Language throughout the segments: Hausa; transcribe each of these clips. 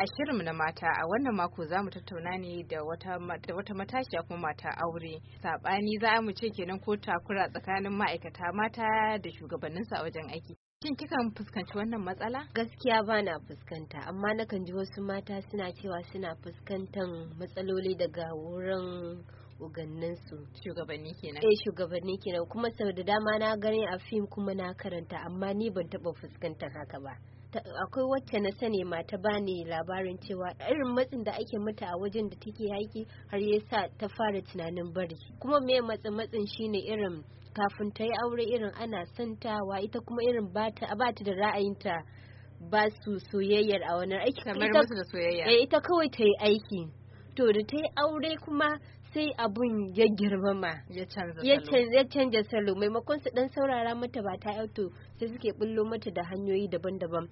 A shirinmu na mata a wannan mako za mu tattauna ne da wata, matashi a kuma mata aure. Saɓani za mu ce kenan ko takura tsakanin ma'aikata mata da shugabanninsu a wajen aiki. Shin kikan fuskanci wannan matsala? Gaskiya ba na fuskanta, amma nakan ji wasu mata suna cewa suna fuskantan matsaloli daga wurin uganninsu. Shugabanni kenan. Eh shugabanni kenan kuma sau da dama na gani a fim kuma na karanta amma ni ban taɓa fuskantar haka ba. akwai wacce na sani mata bani labarin cewa irin matsin da ake mata a wajen da take yaki har ya sa ta fara tunanin bari kuma me matsin matsin shine irin kafin ta yi aure irin ana santawa ita kuma irin ba ta da ra'ayinta ba su soyayyar a wani aiki kamar musu da soyayya eh, ita kawai ta yi aiki to da ta yi aure kuma sai abun ya girmama ya canza salo maimakon su dan saurara mata ba ta yato sai suke bullo mata da hanyoyi daban-daban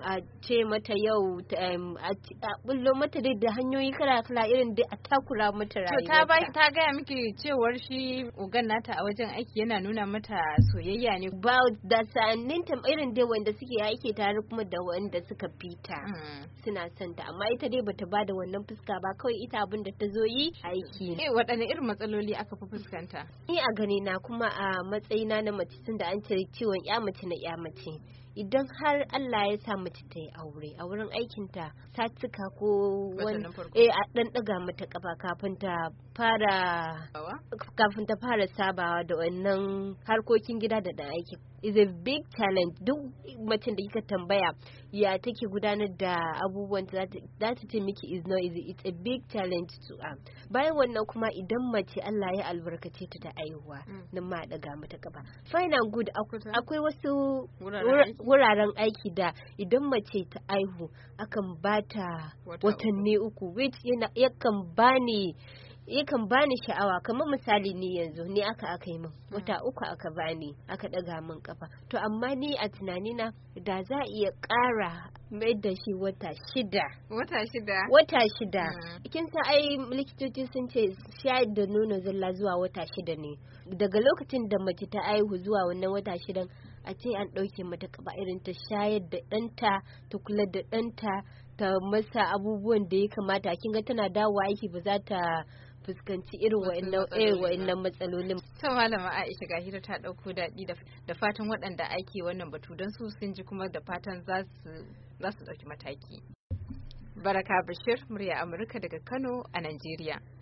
a ce mata yau a bullo mata dai da hanyoyi kala-kala irin dai a takura mata rayuwa ta ta gaya miki cewar shi ugan nata a wajen aiki yana nuna mata soyayya ne ba da sa'annin irin dai wanda suke aiki tare kuma da wanda suka fita mm. suna santa amma ita dai bata bada wannan fuska ba kawai ita abin da ta zo yi aiki E, eh waɗanne irin matsaloli aka fi fuskanta ni a gani na kuma a matsayina na mace tunda an ce ciwon ya mace na ya mace idan har Allah ya sa mace ta yi aure a wurin aikinta ta cika ko wani eh a dan daga mata kafa kafin ta fara kafin ta fara sabawa da wannan harkokin gida da dan aiki is a big challenge duk mace da kika tambaya ya take gudanar da abubuwan za ta ce miki is no is it's a big challenge to am bayan wannan kuma idan mace Allah ya albarkace ta da aihuwa mm. nan ma daga mata gaba fine and good akwai wasu wuraren aiki da idan mace ta aihu akan bata watanni uku which yakan bani yakan bani sha'awa kamar misali ni yanzu ni aka aka yi min hmm. wata uku aka bani aka daga min kafa to amma ni a tunanina da za a iya ƙara mai da shi wata shida wata shida wata shida hmm. kin san ai likitoci sun ce shayar da nono zalla zuwa wata shida ne daga lokacin da mace ta aihu zuwa wannan wata shidan a ce an ɗauke mata ba irin ta shayar da ɗanta ta kula da ɗanta ta masa abubuwan da ya kamata kin ga tana dawowa aiki ba za ta fuskanci irin wa'annan eh, matsalolin. Ta malama Aisha ga hira ta ɗauko daɗi da fatan waɗanda ake wannan batu don su sun ji kuma da fatan za su ɗauki mataki. Baraka Bashir, murya Amurka daga Kano a Najeriya.